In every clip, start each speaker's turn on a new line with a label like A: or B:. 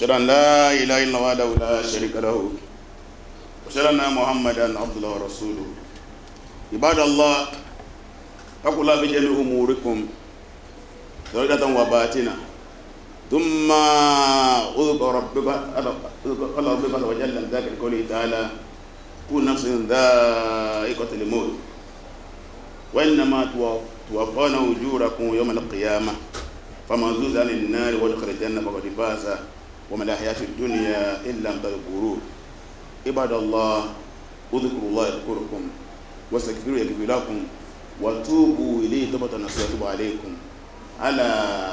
A: أشهد أن لا إله إلا الله ولا شريك له وأشهد أن محمدا عبد الله ورسوله عباد الله اتقوا الله بجميع أموركم ضريرة وباتنا ثم أذكر ربك الله ربك عز وجل ذاك قوله تعالى كل نفس ذائقة الموت وإنما توفون أجوركم يوم القيامة فمن زوز عن النار وادخل الجنة فقد فاز وما الحياة الدنيا إلا متاع الغرور عباد الله اذكروا الله يذكركم واستغفروا يغفر لكم وتوبوا إليه توبة نصوح يتوب عليكم ألا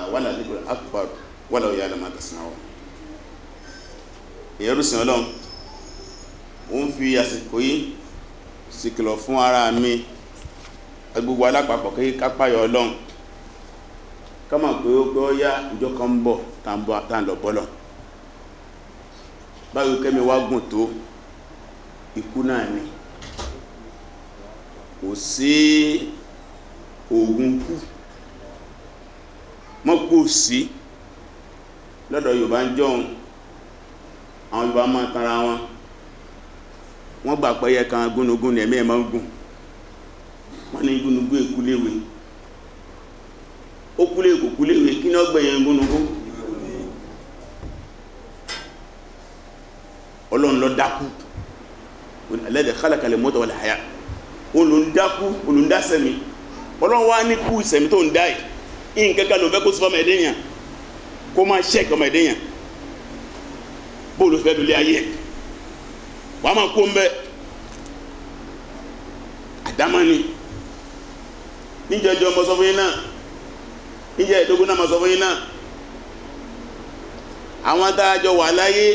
A: ولا ذكر أكبر ولو يعلم ما تصنعون ẹ̀rú sìn ọlọ́run ó ń fi àsìkò yìí ṣìkìlọ̀ fún ara mi gbogbo alápapọ̀ kí kápáyọ̀ ọlọ́run ká mọ̀ pé ó gbọ́ yá ìjọ kan ń bọ̀ tá ń lọ bọ́lọ̀ báwo kẹ́mi wá gùn tó ikú náà ni kò sí oògùn kú mọ́ kò sí lọ́dọ̀ Yorùbá ń jọun àwọn Yorùbá máa tanra wọn wọ́n gbà pẹ́yẹ kan gúnugún ní ẹ̀mí ẹ̀ máa ń gùn wọ́n ní gúnugún èkúléwé ó ni ọgbẹ̀yẹn gúnugún ọlọ́run ló dákú alladhi khalaqa al-mawta wal-hayata olùdákú olùdásẹ̀mí ọlọ́run wá ní kú ìsẹ̀mí tó ń dá yìí nǹkan kan ló fẹ́ kó sí fọmọ ẹ̀dẹ́yàn kó máa ṣẹ́ẹ̀kì ọmọ ẹ̀dẹ́yàn bóòlù fẹ́ lulẹ̀ ayé wàá máa kó ń bẹ́ àdámání níjẹ́ ẹjọ́ sọ fún yín náà níjẹ́ ẹ̀dógún náà mọ̀ sọ fún yín náà àwọn adájọ́ wà láyé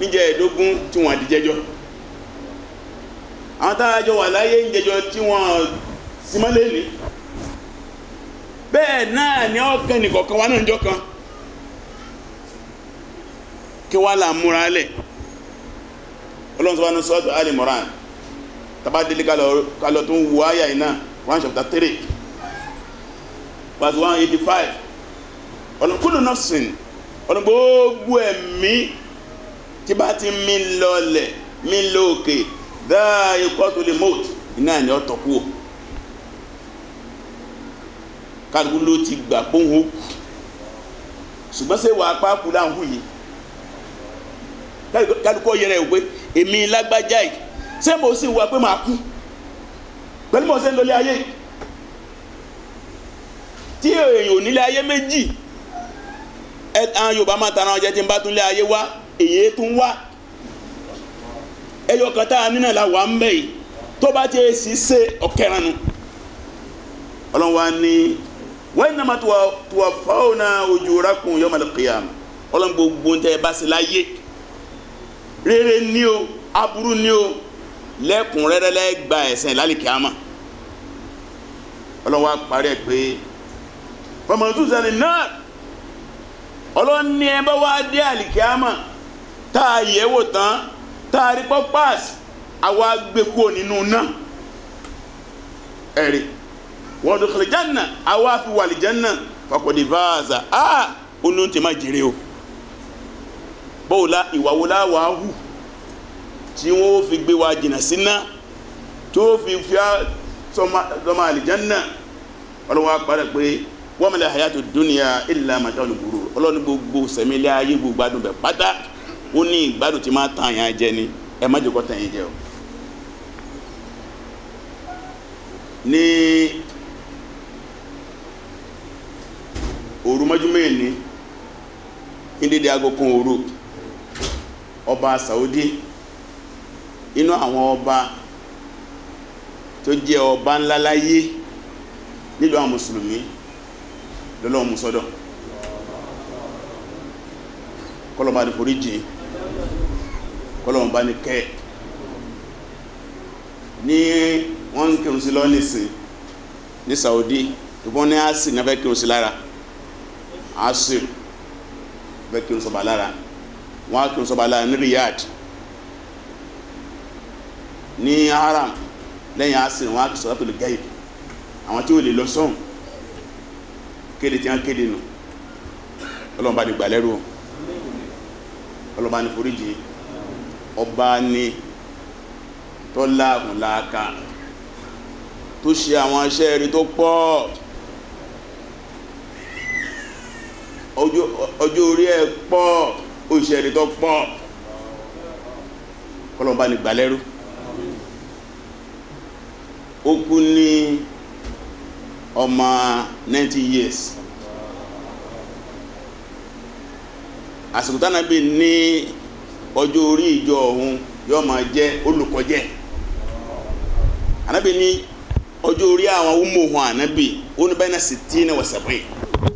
A: ń jẹ ẹ̀ẹ́dógún tí wọ́n àdìjẹ́jọ́ àwọn tààjọ wà láyé ń jẹjọ tí ní náà ni ọkàn nìkọ̀ọ̀kan wá náà kan kí wá là múra lẹ̀ ọlọ́nsọ́wọ́n sọ́ọ̀tù Ali Moran tabadili kalọ tó ń wù áyà one chapter three verse one eighty five tí bá ti mí lọlẹ̀ mí lóòkè dáa ikọ́ tó lè mọ́ọ̀tì iná ni ọ̀tọ̀ kú o kálukú ló ti gbà pọ́nhó ṣùgbọ́n ṣé wàá pa kú láǹkú yìí kálukú yẹrẹ ìwé èmi lágbájá yìí ṣé mo sì wá pé màá kú pẹ̀lú mo ṣe ń lọlé ayé tí èèyàn ò nílé ayé méjì ẹ̀ àwọn Yorùbá máa tara ọjà tí ń bá tún lé ayé wá èyí tún wá ẹyọ kan tá a wà ń bẹ̀ yìí tó bá ti èsì ṣe ọ̀kẹ́ranu ọlọ́run wa ní wọ́n ní nàmà tuwa fáwọn náà ujurakum yawmal qiyamah ọlọ́run gbogbo ń tẹ́ ẹ bá rere ni o aburú ni o lẹ́kùnrẹ́rẹ́ lẹ́gba ẹ̀sìn lálìkíámà ọlọ́run wa parí pé sani náà tá a yẹ̀ wò tán tá a rí pọ́pàs àwa gbé kúrò nínú náà ẹ̀rí wọ́n dùn kìlì jẹ́nà àwa fi wà lì jẹ́nà fakọ̀dé vaza a olóhùn tí ma jèrè o bọ́wọ́ la ìwà la wà hù tí wọ́n fi gbé wa jìnnà sí náà tó fi fi sọmọ àlìjánná ọlọ́wọ́ apára pé wọ́n mẹ́lẹ̀ hayatu dunya illa mataul gurur ọlọ́ni gbogbo sẹ̀mílẹ̀ ayé gbogbo adùn bẹ̀ pátá. ó ní ìgbádùn tí máa tàn yàn jẹ ni ẹ má jẹ́ kó tàn jẹ o ní òru mọ́júmọ́ ní ìdíde aago kan ọba Saudi inú àwọn ọba tó jẹ́ ọba ńlá láyé nílùú àwọn mùsùlùmí lọ́lọ́wọ́ mú sọ́dọ̀ kọlọ̀bá àdìforíjì kọ́lọ́run bá ní kẹ́ ní wọ́n ń kírun sí lọ́nìsìn ní Saudi ìbọn ní asi ní afẹ́ kírun sí lára asi fẹ́ kírun sọba lára wọ́n á kírun sọba lára ní Riyadh ní haram lẹ́yìn asi wọ́n á kírun sọba tó lè gáyìí àwọn tí ó lè lọ sọ́hùn kéde tí wọ́n kéde nù ọlọ́run bá ní gbà ọlọ́run bá ní foríjì ọba ni tó láàrùn láàka tó ṣe àwọn iṣẹ́ rí tó pọ̀ ọjọ́ orí ẹ̀ pọ̀ òṣìṣẹ́ rí tó pọ̀ kọlọ̀mbá ni gbàlẹ́rú ó kú ní ọmọ 90 years àsìkò tánàbí ní ọjọ́ orí ìjọ ọ̀hún yóò máa jẹ́ olùkọ́jẹ́ Anabi ní ọjọ́ orí àwọn ọmọ ohun Anabi. ó sì tí ní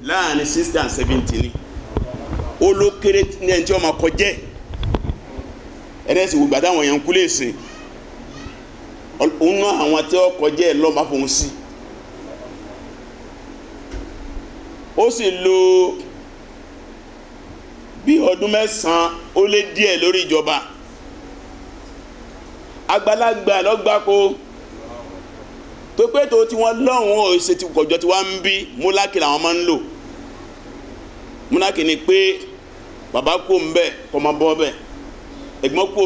A: láàrin sixty and seventy ni ló kéré ní ẹni tí wọ́n máa kọjẹ́ ẹni ẹ̀sìn gbogbo àtàwọn èèyàn kú lè sìn àwọn tí wọ́n kọjẹ́ ẹ̀ lo bí ọdún mẹ́sàn ó lé díẹ̀ lórí ìjọba agbalagba lọ́gbàpọ̀ tó pé tó ti wọ́n lọ́hùn ó ṣe ti kọjọ́ ti ń bí múlákì làwọn máa ń lò múlákì ni pé bàbá kó ń kọ́mọ bọ́ bẹ̀ ẹ̀gbọ́n kó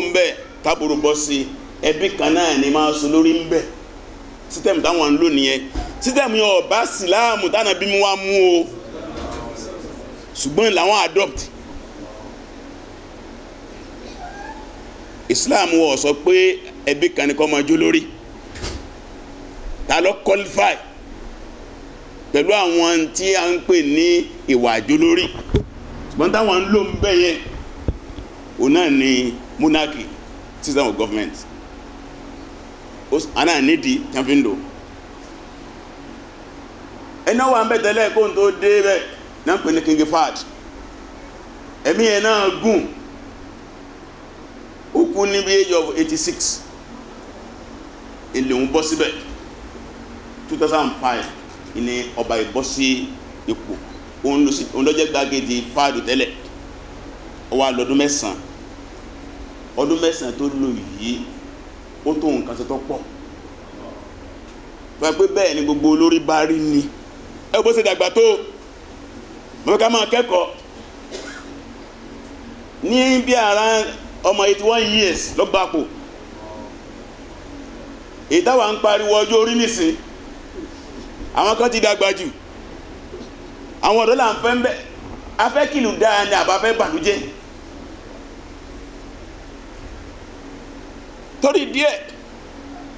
A: bọ́ sí i ẹbí kan náà ni máa sọ lórí ń bẹ̀ sítẹ̀mù táwọn ń lò nìyẹn sítẹ̀mù yẹn ọ̀bá wá o ṣùgbọ́n làwọn islam wọ̀ sọ pé ẹbí kan ní ta ló qualify pẹ̀lú àwọn tí a ń pè ní ìwà àjò lórí ṣùgbọ́n táwọn ń lò ń bẹ̀ yẹn òun náà ni monarchy system of government àná nídìí tí wọ́n fi ń lò ẹni wà ń tẹ́lẹ̀ tó kú ní bí age of eighty six èlé òun bọ́ síbẹ̀ two thousand and five ni ọba ìbọ́ sí ipò òun ló jẹ́ gbàgede fáàdù tẹ́lẹ̀ ó wà lọ́dún mẹ́sàn-án ọdún mẹ́sàn-án tó lò yìí ó tó nǹkan ṣe tó pọ̀ wọ́n pé bẹ́ẹ̀ ni gbogbo olórí bá rí ni ẹ bó ṣe dàgbà tó mọ̀ máa kẹ́kọ̀ọ́ ní bí ara ọmọ eighty one years ló gbapò èyí táwa ń pariwo ọjọ́ orí nìsín àwọn kan ti dàgbà jù àwọn ọ̀dọ́ là ń fẹ́ ń bẹ́ afẹ́kìlù dáa ni àbáfẹ́ bàlújẹ́ torí díẹ̀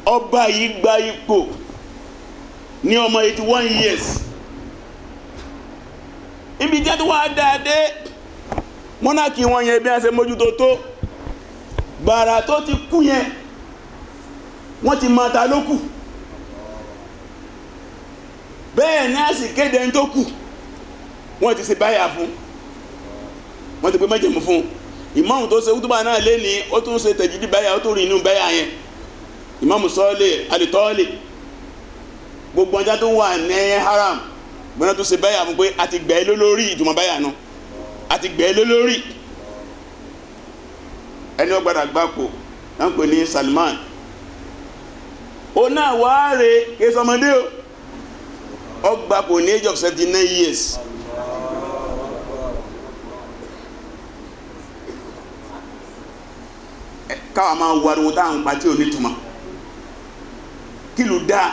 A: ọba yìí gba ipò ní ọmọ eighty one years ibi jẹ́ tí wọ́n á dáadé mọ́nàkì wọn yẹn bí wọ́n ṣe mójútó tó. tó gbàrà tó ti kú yẹn wọ́n ti máa ta ló kù bẹ́ẹ̀ ní àsì kéde ń tó kù wọ́n ti ṣe báyà fún wọ́n ti pé májẹ̀mú fún ìmáàmù tó ṣe wútúbà náà lé ní ó tún ṣe tẹ̀jídì báyà ó tún rí inú báyà yẹn ìmáàmù sọ́ọ́lẹ̀ àlìtọ́ọ́lẹ̀ gbogbo ọjà tó wà ní haram gbọ́dọ̀ tó se báyà fún pé àti gbẹ́ lólórí ìtumọ̀ báyà náà àti gbẹ́ lólórí. No ẹni ọgbàdà gbapò náà ń ní Salman ó náà wá rè ké sọmọdé o ọgbapò ní age of seventy nine years. káwa máa wariwo tá à ń pa tí ò ní túmọ̀ kìlù dáa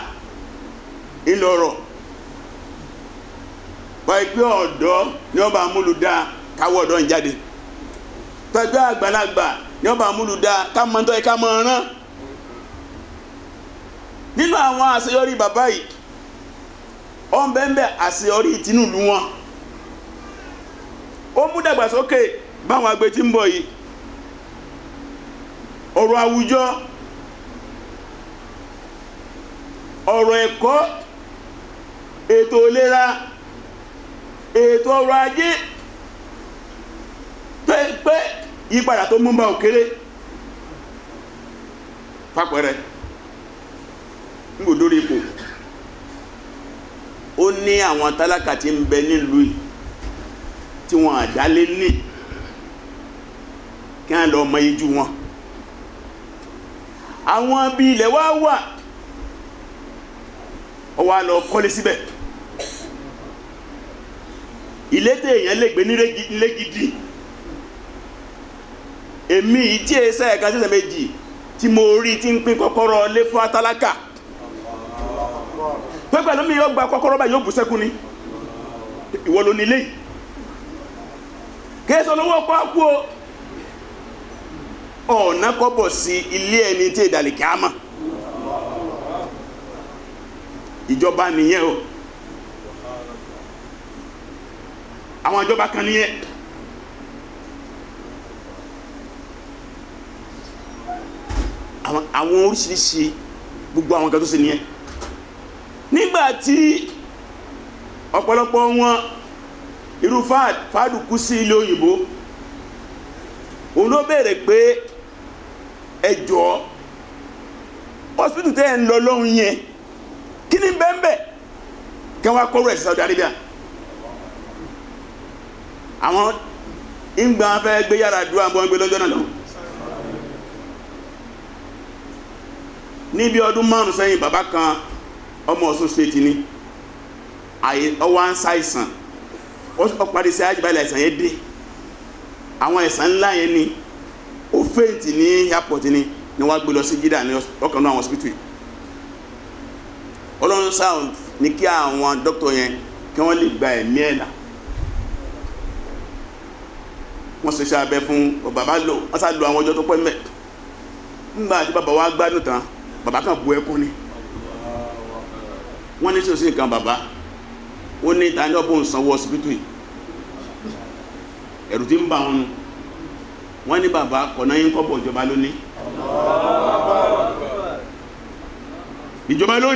A: ńlọrọ̀ wáyé pé ọ̀dọ́ ni wọ́n bá káwọ́ ọ̀dọ́ ń jáde tọ́jú àgbàlagbà yóò bá múlù dáa ká mọ nínú àwọn àṣeyọrí bàbá yìí ó ń bẹ́ẹ̀ bẹ́ẹ̀ àṣeyọrí wọn ó mú dàgbàsókè báwọn àgbẹ̀ yi ń bọ̀ yìí ọ̀rọ̀ àwùjọ ọ̀rọ̀ ẹ̀kọ́ ètò ìlera ètò ajé ìyípadà tó mú bá òkèrè fàpẹrẹ ń gbò dórí ipò ó ní àwọn tálákà tí ń bẹ nílùú tí wọ́n àdálé ní kí wọ́n lọ mọ ijú wọn àwọn bí ilẹ̀ wá wà ó lọ kọ́lé síbẹ̀ ilé tèèyàn lè gbé ní lé gidi èmi yìí tí èsẹ ẹka tí èsẹ méjì tí mo rí tí ń pín kọ́kọ́rọ́ lé fún atálákà pẹpẹ lómi yóò gba kọ́kọ́rọ́ báyìí yóò bù sẹkùn ni ìwọ ló ní ilé yìí kéésọ lówó ọpọ àpò ọ̀nà kọ́bọ̀ sí ilé ẹni tí ìdàlẹ̀kẹ́ àmà ìjọba nìyẹn o àwọn ìjọba kan nìyẹn. àwọn oríṣiríṣi gbogbo àwọn kan tó ṣe nìyẹn nígbà tí ọ̀pọ̀lọpọ̀ wọn irú fáàdù kú sí ilé òyìnbó òun ló béèrè pé ẹjọ́ hospital tẹ́ ẹ̀ ń lọ lọ́hùn yẹn kí ni bẹ́ẹ̀ bẹ́ẹ̀ kí wọ́n kọ́rọ̀ ẹ̀sìn Saudi Arabia àwọn ìgbà fẹ́ gbé yàrá dúró àwọn ọmọ ẹgbẹ́ lọ́jọ́ náà lọ́hùn ní bí ọdún márùn sẹ́yìn bàbá kan ọmọ Ọ̀ṣun state ni ọwọ́ à ń ṣàìsàn ó parí sí àjùbálẹ̀ àìsàn yẹn dé àwọn àìsàn ńlá yẹn ni ó fèǹtì ní airport ni ni wọ́n gbé lọ sí Jidda ní ọkàn náà àwọn hospital ọlọ́run sáà ní kí àwọn dókítà yẹn kí wọ́n lè gba ẹ̀mí ẹ̀dá wọ́n ṣe iṣẹ́ abẹ fún bàbá lò wọ́n sá lo àwọn ọjọ́ tó pẹ́ mẹ́ nígbà tí bàbá wa gbádùn tán bàbá kan bu ẹkún ni wọ́n ní sòsí nǹkan bàbá ó ní ta ní ọ̀bọ̀n sanwó ọsibítù yìí ẹ̀rù ti ń bà wọn nu wọ́n ní bàbá kọ̀nà yín kọ́ bọ̀ ìjọba ló ní ìjọba ló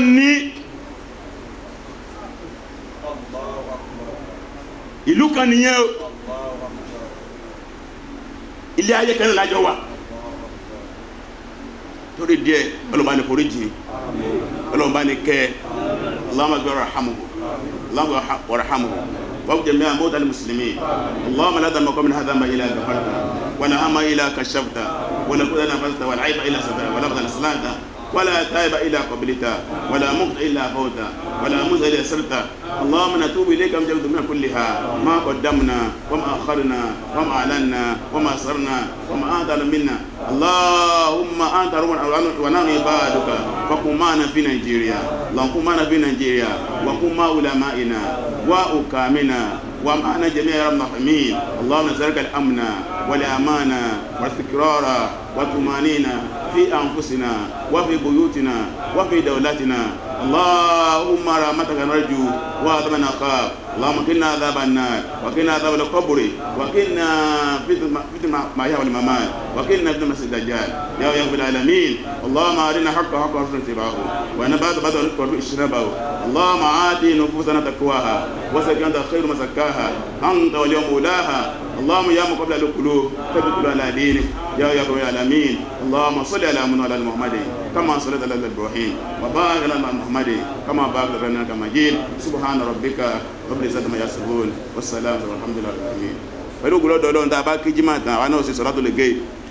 A: ìlú kan nìyẹn ilé ayé kan lájọ wà. lórí díẹ̀ ọlọ́run bá ní forí jìn ọlọ́run bá ní kẹ́ Allahumma gbé ọ̀rọ̀ hàmù جميع موتى المسلمين اللهم لا دم من هذا ما إلى غفرت ولا هم إلى كشفت ولا قدر نفذت والعيب إلى سترت ولا قدر سلامت ولا تائب إلا قبلته ولا مقت إلا فوته ولا مزل إلا سرته اللهم نتوب إليك من جميع كلها ما قدمنا وما أخرنا وما أعلنا وما أسررنا وما أعطانا منا اللهم أنت ربنا ونحن عبادك فقم معنا في نيجيريا اللهم قم معنا في نيجيريا وقم مع علمائنا وأكامنا ومعنا جميع يا رب اللهم نسألك الأمن والأمانة والاستقرار والطمأنينة في أنفسنا وفي بيوتنا وفي دولتنا اللهم رحمتك نرجو وعذاب نخاف اللهم كنا عذاب النار وكنا عذاب القبر وكنا فتن ما المحيا والممات وكنا فتن مسجد الدجال يا رب العالمين اللهم ارنا حق حق ورسول اتباعه وانا بعد بعد الرزق اجتنابه اللهم آت نفوسنا تقواها وزكها انت خير مسكاها انت واليوم مولاها اللهم يا مقبل القلوب ثبت على دينك يا رب العالمين اللهم صل على من وعلى محمد كما صليت على إبراهيم وبارك على محمد كما بارك على إبراهيم سبحان ربك رب العزة ما يصفون والسلام والحمد لله رب العالمين pẹ̀lú قلت لهم ní tá a bá kí jimá tán